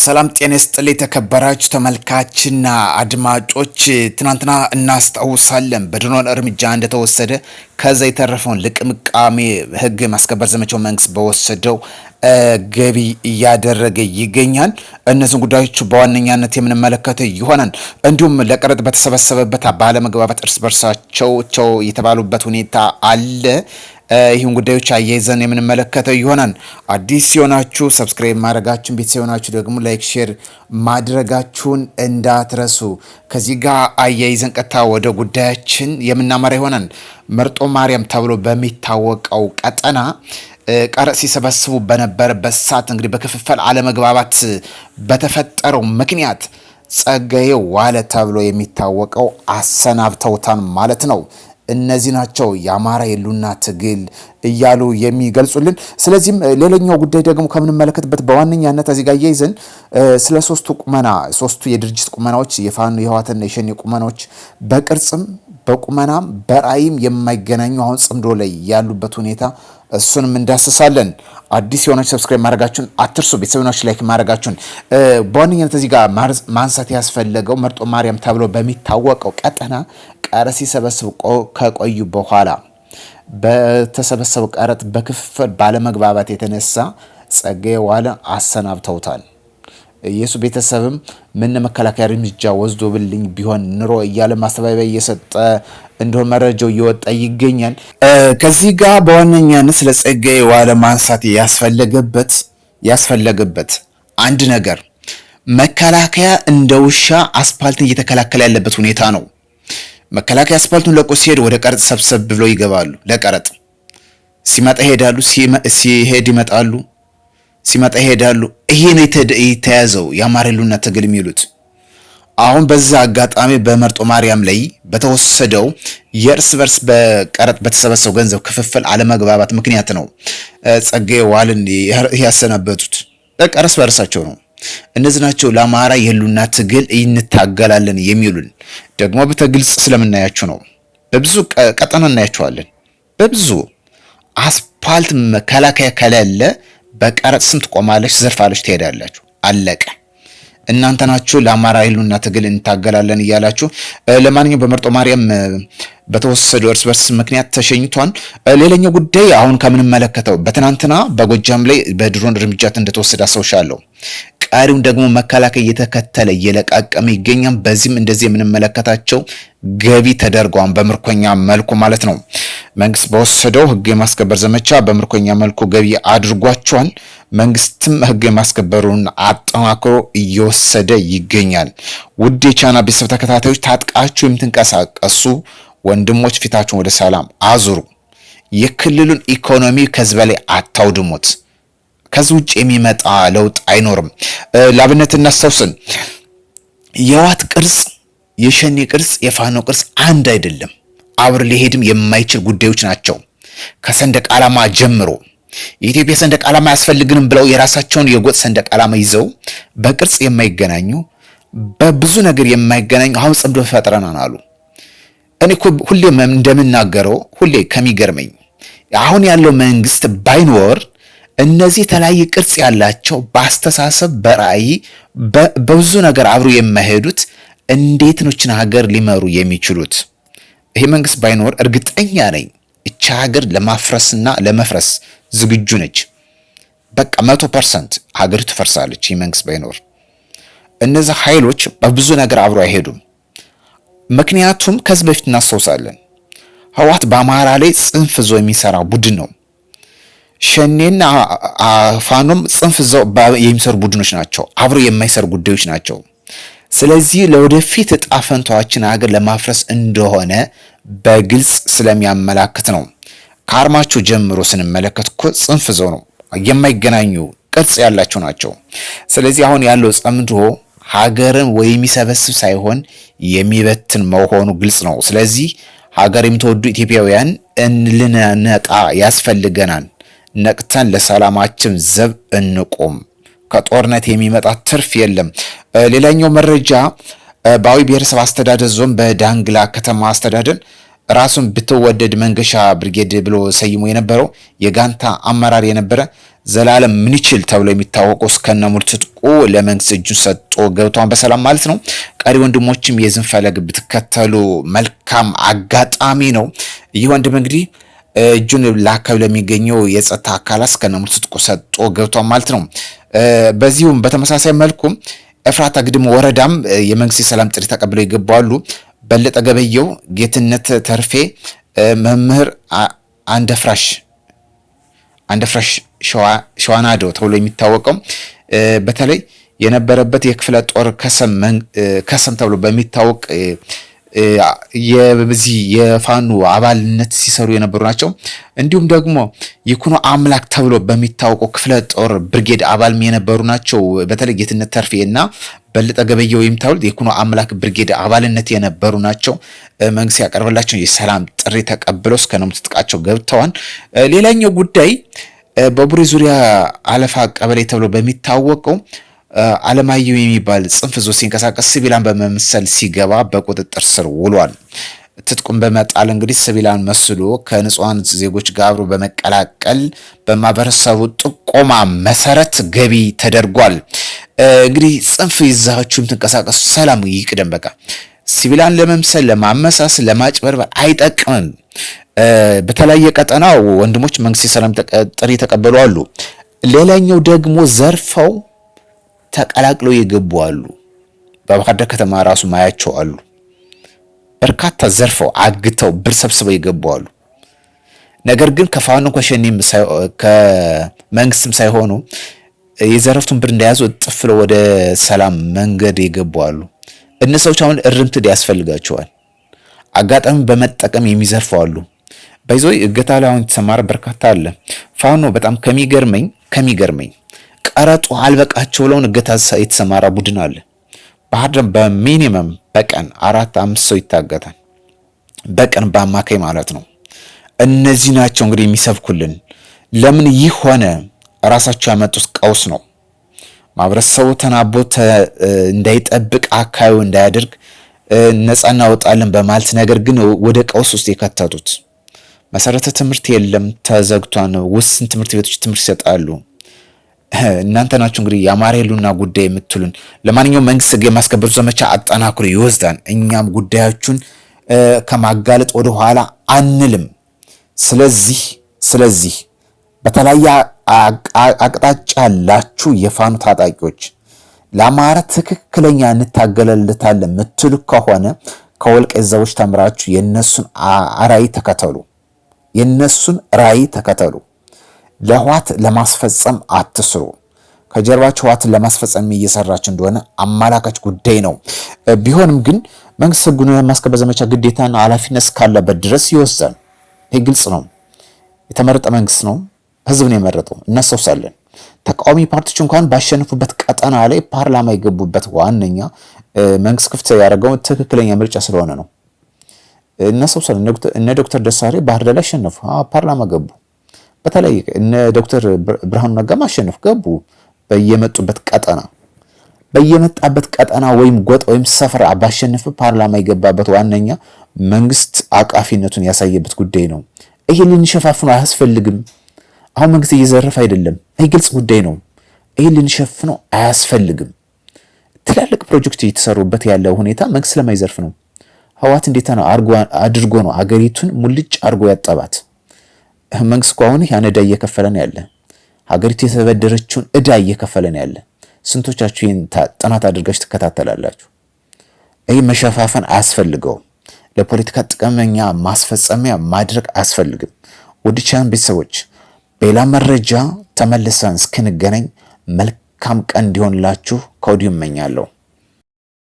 ሰላም ጤና ይስጥልኝ የተከበራችሁ ተመልካችና አድማጮች፣ ትናንትና እናስታውሳለን በድሮን እርምጃ እንደተወሰደ ከዛ የተረፈውን ልቅምቃሜ ህግ ማስከበር ዘመቻው መንግስት በወሰደው ገቢ እያደረገ ይገኛል። እነዚህን ጉዳዮች በዋነኛነት የምንመለከተ ይሆናል። እንዲሁም ለቀረጥ በተሰበሰበበት ባለመግባባት እርስ በርሳቸው ቸው የተባሉበት ሁኔታ አለ። ይህን ጉዳዮች አያይዘን የምንመለከተው ይሆናል። አዲስ ሲሆናችሁ ሰብስክራይብ ማድረጋችሁን፣ ቤተሰብ ሲሆናችሁ ደግሞ ላይክ፣ ሼር ማድረጋችሁን እንዳትረሱ። ከዚህ ጋር አያይዘን ቀጥታ ወደ ጉዳያችን የምናመራ ይሆናል። መርጦ ማርያም ተብሎ በሚታወቀው ቀጠና ቀረጥ ሲሰበስቡ በነበረበት ሰዓት እንግዲህ በክፍፈል አለመግባባት በተፈጠረው ምክንያት ጸጋዬ ዋለ ተብሎ የሚታወቀው አሰናብተውታን ማለት ነው። እነዚህ ናቸው የአማራ የሉና ትግል እያሉ የሚገልጹልን። ስለዚህም ሌላኛው ጉዳይ ደግሞ ከምንመለከትበት በዋነኛነት እዚህ ጋር እያይዘን ስለ ሶስቱ ቁመና ሶስቱ የድርጅት ቁመናዎች የፋኑ የህወሓትና የሸኔ ቁመናዎች በቅርጽም በቁመናም በራእይም የማይገናኙ አሁን ጽምዶ ላይ ያሉበት ሁኔታ እሱንም እንዳስሳለን። አዲስ የሆነች ሰብስክራይብ ማድረጋችሁን አትርሱ። ቤተሰብናች ላይክ ማድረጋችሁን በዋነኛነት እዚህ ጋር ማንሳት ያስፈለገው መርጦ ማርያም ተብሎ በሚታወቀው ቀጠና ቀረ ሲሰበስብ ከቆዩ በኋላ በተሰበሰበው ቀረጥ በክፍፍል ባለመግባባት የተነሳ ጸጋዬ ዋለ አሰናብተውታል። የእሱ ቤተሰብም ምን መከላከያ እርምጃ ብልኝ ቢሆን ኑሮ እያለ ማስተባበያ እየሰጠ እንደሆነ መረጃው እየወጣ ይገኛል። ከዚህ ጋር በዋነኛነት ስለ ጸጋዬ ዋለ ማንሳት ያስፈለገበት ያስፈለገበት አንድ ነገር መከላከያ እንደ ውሻ አስፓልትን እየተከላከለ ያለበት ሁኔታ ነው። መከላከያ አስፓልቱን ለቆ ሲሄድ ወደ ቀረጥ ሰብሰብ ብለው ይገባሉ። ለቀረጥ ሲመጣ ይሄዳሉ፣ ሲሄድ ይመጣሉ። ሲመጣ ይሄዳሉ። ይሄ ነው የተያዘው የአማራ ሕልውና ትግል የሚሉት። አሁን በዛ አጋጣሚ በመርጦ ማርያም ላይ በተወሰደው የእርስ በርስ በቀረጥ በተሰበሰበው ገንዘብ ክፍፍል አለመግባባት ምክንያት ነው ጸጋዬ ዋልን ያሰናበቱት። በቃ እርስ በርሳቸው ነው። እነዚህ ናቸው ለአማራ የሉና ትግል እንታገላለን የሚሉን። ደግሞ በተግልጽ ስለምናያቸው ነው። በብዙ ቀጠና እናያቸዋለን። በብዙ አስፓልት መከላከያ ከሌለ በቀረጥ ስም ትቆማለች፣ ትዘርፋለች፣ ትሄዳላችሁ። አለቀ። እናንተ ናችሁ ለአማራ ህልውና ትግል እንታገላለን እያላችሁ። ለማንኛውም በመርጦ ማርያም በተወሰዱ እርስ በርስ ምክንያት ተሸኝቷል። ሌላኛው ጉዳይ አሁን ከምንመለከተው በትናንትና በጎጃም ላይ በድሮን እርምጃት እንደተወሰደ አስታውሻለሁ። ቀሪውን ደግሞ መከላከያ እየተከተለ እየለቃቀመ ይገኛል። በዚህም እንደዚህ የምንመለከታቸው ገቢ ተደርገዋል በምርኮኛ መልኩ ማለት ነው። መንግስት በወሰደው ህግ የማስከበር ዘመቻ በምርኮኛ መልኩ ገቢ አድርጓቸዋል። መንግስትም ህግ የማስከበሩን አጠናክሮ እየወሰደ ይገኛል። ውድ የቻና ቤተሰብ ተከታታዮች ታጥቃችሁ የምትንቀሳቀሱ ወንድሞች ፊታችሁን ወደ ሰላም አዙሩ። የክልሉን ኢኮኖሚ ከዚህ በላይ አታውድሙት። ከዚህ ውጭ የሚመጣ ለውጥ አይኖርም። ላብነት እናስታውስን፣ የዋት ቅርጽ፣ የሸኔ ቅርጽ፣ የፋኖ ቅርጽ አንድ አይደለም። አብር ሊሄድም የማይችል ጉዳዮች ናቸው። ከሰንደቅ ዓላማ ጀምሮ የኢትዮጵያ ሰንደቅ ዓላማ አያስፈልግንም ብለው የራሳቸውን የጎጥ ሰንደቅ ዓላማ ይዘው በቅርጽ የማይገናኙ በብዙ ነገር የማይገናኙ አሁን ጽምዶ ፈጥረናን አሉ። እኔ ሁሌ እንደምናገረው ሁሌ ከሚገርመኝ አሁን ያለው መንግስት ባይኖር እነዚህ የተለያየ ቅርጽ ያላቸው በአስተሳሰብ በራእይ በብዙ ነገር አብሮ የማይሄዱት እንዴት ነው ሀገር ሊመሩ የሚችሉት? ይሄ መንግስት ባይኖር እርግጠኛ ነኝ እቻ ሀገር ለማፍረስና ለመፍረስ ዝግጁ ነች። በቃ መቶ ፐርሰንት ሀገሪቱ ፈርሳለች። ይህ መንግስት ባይኖር እነዚህ ኃይሎች በብዙ ነገር አብሮ አይሄዱም። ምክንያቱም ከዚህ በፊት እናስታውሳለን፣ ህወሓት በአማራ ላይ ጽንፍ ዞ የሚሰራ ቡድን ነው። ሸኔና ፋኖም ጽንፍ እዛው የሚሰሩ ቡድኖች ናቸው። አብረው የማይሰሩ ጉዳዮች ናቸው። ስለዚህ ለወደፊት እጣ ፈንታችን ሀገር ለማፍረስ እንደሆነ በግልጽ ስለሚያመላክት ነው። ከአርማቸው ጀምሮ ስንመለከት እኮ ጽንፍ ዘው ነው፣ የማይገናኙ ቅርጽ ያላቸው ናቸው። ስለዚህ አሁን ያለው ጸምዶ ሀገርን ወይ የሚሰበስብ ሳይሆን የሚበትን መሆኑ ግልጽ ነው። ስለዚህ ሀገር የምትወዱ ኢትዮጵያውያን እንልነቃ ያስፈልገናል። ነቅተን ለሰላማችን ዘብ እንቁም። ከጦርነት የሚመጣ ትርፍ የለም። ሌላኛው መረጃ በአዊ ብሔረሰብ አስተዳደር ዞን በዳንግላ ከተማ አስተዳደር ራሱን ብትወደድ መንገሻ ብርጌድ ብሎ ሰይሞ የነበረው የጋንታ አመራር የነበረ ዘላለም ምንችል ተብሎ የሚታወቀው እስከነ ሙሉ ትጥቁ ለመንግስት እጁን ሰጥቶ ገብቷን በሰላም ማለት ነው። ቀሪ ወንድሞችም የዝንፈለግ ብትከተሉ መልካም አጋጣሚ ነው። ይህ ወንድም እንግዲህ እጁን ለአካባቢ ለሚገኘው የጸጥታ አካላት እስከነ ሙሉ ትጥቁ ሰጥቶ ገብቷል ማለት ነው። በዚሁም በተመሳሳይ መልኩ ኤፍራታ ግድም ወረዳም የመንግስት የሰላም ጥሪ ተቀብለው ይገባሉ። በለጠ ገበየው፣ ጌትነት ተርፌ፣ መምህር አንደፍራሽ አንደፍራሽ ሸዋናዶ ተብሎ የሚታወቀው በተለይ የነበረበት የክፍለ ጦር ከሰም ተብሎ በሚታወቅ የዚህ የፋኖ አባልነት ሲሰሩ የነበሩ ናቸው። እንዲሁም ደግሞ ይኩኖ አምላክ ተብሎ በሚታወቀው ክፍለ ጦር ብርጌድ አባልም የነበሩ ናቸው። በተለይ ጌትነት ተርፌ እና በለጠ ገበየው የምታውሉት የኩኖ አምላክ ብርጌድ አባልነት የነበሩ ናቸው። መንግስት ያቀርበላቸው የሰላም ጥሪ ተቀብለው እስከ ነሙት ጥቃቸው ገብተዋል። ሌላኛው ጉዳይ በቡሬ ዙሪያ አለፋ ቀበሌ ተብሎ በሚታወቀው አለማየሁ የሚባል ጽንፍ ዞ ሲንቀሳቀስ ሲቪላን በመምሰል ሲገባ በቁጥጥር ስር ውሏል። ትጥቁን በመጣል እንግዲህ ሲቪላን መስሎ ከንጹሐን ዜጎች ጋር አብሮ በመቀላቀል በማህበረሰቡ ጥቆማ መሰረት ገቢ ተደርጓል። እንግዲህ ጽንፍ ይዛችሁም ትንቀሳቀሱ፣ ሰላም ይቅደም። በቃ ሲቪላን ለመምሰል ለማመሳስ፣ ለማጭበርበር አይጠቅምም። በተለያየ ቀጠና ወንድሞች መንግስት የሰላም ጥሪ የተቀበሉ አሉ። ሌላኛው ደግሞ ዘርፈው ተቀላቅለው የገቡ አሉ። በባህርዳር ከተማ ራሱ ማያቸው አሉ። በርካታ ዘርፈው አግተው ብር ሰብስበው የገቡ አሉ። ነገር ግን ከፋኖ ከሸኔም ከመንግስትም ሳይሆኑ የዘረፍቱን ብር እንደያዙ ጥፍለው ወደ ሰላም መንገድ የገቡ አሉ። እነዚህ ሰዎች አሁን እርምትድ ያስፈልጋቸዋል። አጋጣሚ በመጠቀም የሚዘርፉ አሉ። በይዞ እገታ ላይ አሁን የተሰማረ በርካታ አለ። ፋኖ በጣም ከሚገርመኝ ከሚገርመኝ ቀረጡ አልበቃቸው ብለውን እገታ የተሰማራ ቡድን አለ። ባህር በሚኒመም በቀን አራት አምስት ሰው ይታገታል። በቀን በአማካይ ማለት ነው። እነዚህ ናቸው እንግዲህ የሚሰብኩልን። ለምን ይህ ሆነ? ራሳቸው ያመጡት ቀውስ ነው። ማህበረሰቡ ተናቦ እንዳይጠብቅ አካባቢ እንዳያደርግ ነፃ እናወጣለን በማለት ነገር ግን ወደ ቀውስ ውስጥ የከተቱት መሰረተ ትምህርት የለም፣ ተዘግቷን ውስን ትምህርት ቤቶች ትምህርት ይሰጣሉ። እናንተ ናችሁ እንግዲህ የአማራ ህልውና ጉዳይ የምትሉን። ለማንኛውም መንግስት ህግ የማስከበር ዘመቻ አጠናክሮ ይወስዳል። እኛም ጉዳያችሁን ከማጋለጥ ወደ ኋላ አንልም። ስለዚህ ስለዚህ በተለያየ አቅጣጫ ያላችሁ የፋኑ ታጣቂዎች ለአማራ ትክክለኛ እንታገለልታለን ምትሉ ከሆነ ከወልቃይት ዘቦች ተምራችሁ የነሱን ራዕይ ተከተሉ። የነሱን ራዕይ ተከተሉ። ለህዋት ለማስፈጸም አትስሩ። ከጀርባቸው ህዋት ለማስፈጸም እየሰራች እንደሆነ አመላካች ጉዳይ ነው። ቢሆንም ግን መንግስት ህጉን ለማስከበር ዘመቻ ግዴታና ኃላፊነት እስካለበት ድረስ ይወሰን ይህ ግልጽ ነው። የተመረጠ መንግስት ነው። ህዝብ ነው የመረጠው። እናስታውሳለን። ተቃዋሚ ፓርቲዎች እንኳን ባሸነፉበት ቀጠና ላይ ፓርላማ የገቡበት ዋነኛ መንግስት ክፍት ያደረገው ትክክለኛ ምርጫ ስለሆነ ነው። እናስታውሳለን። እነ ዶክተር ደሳሬ ባህር ዳር ላይ አሸነፉ፣ ፓርላማ ገቡ። በተለይ እነ ዶክተር ብርሃኑ ነጋ ማሸነፍ ገቡ በየመጡበት ቀጠና በየመጣበት ቀጠና ወይም ጎጥ ወይም ሰፈር ባሸነፈ ፓርላማ የገባበት ዋነኛ መንግስት አቃፊነቱን ያሳየበት ጉዳይ ነው። ይሄ ልንሸፋፍኑ አያስፈልግም። አሁን መንግስት እየዘረፈ አይደለም። ይህ ግልጽ ጉዳይ ነው። ይህ ልንሸፍነው አያስፈልግም። ትላልቅ ፕሮጀክት እየተሰሩበት ያለው ሁኔታ መንግስት ለማይዘርፍ ነው። ህወሓት እንዴታ ነው አድርጎ ነው አገሪቱን ሙልጭ አድርጎ ያጠባት? መንግስት እኮ አሁን ያን እዳ እየከፈለን ያለ። ሀገሪቱ የተበደረችውን እዳ እየከፈለን ያለ። ስንቶቻችሁ ይህን ጥናት አድርጋችሁ ትከታተላላችሁ? ይህ መሸፋፈን አያስፈልገውም። ለፖለቲካ ጥቅመኛ ማስፈጸሚያ ማድረግ አያስፈልግም። ውድ ቤተሰቦች በሌላ መረጃ ተመልሰን እስክንገናኝ መልካም ቀን እንዲሆንላችሁ ከወዲሁ እመኛለሁ።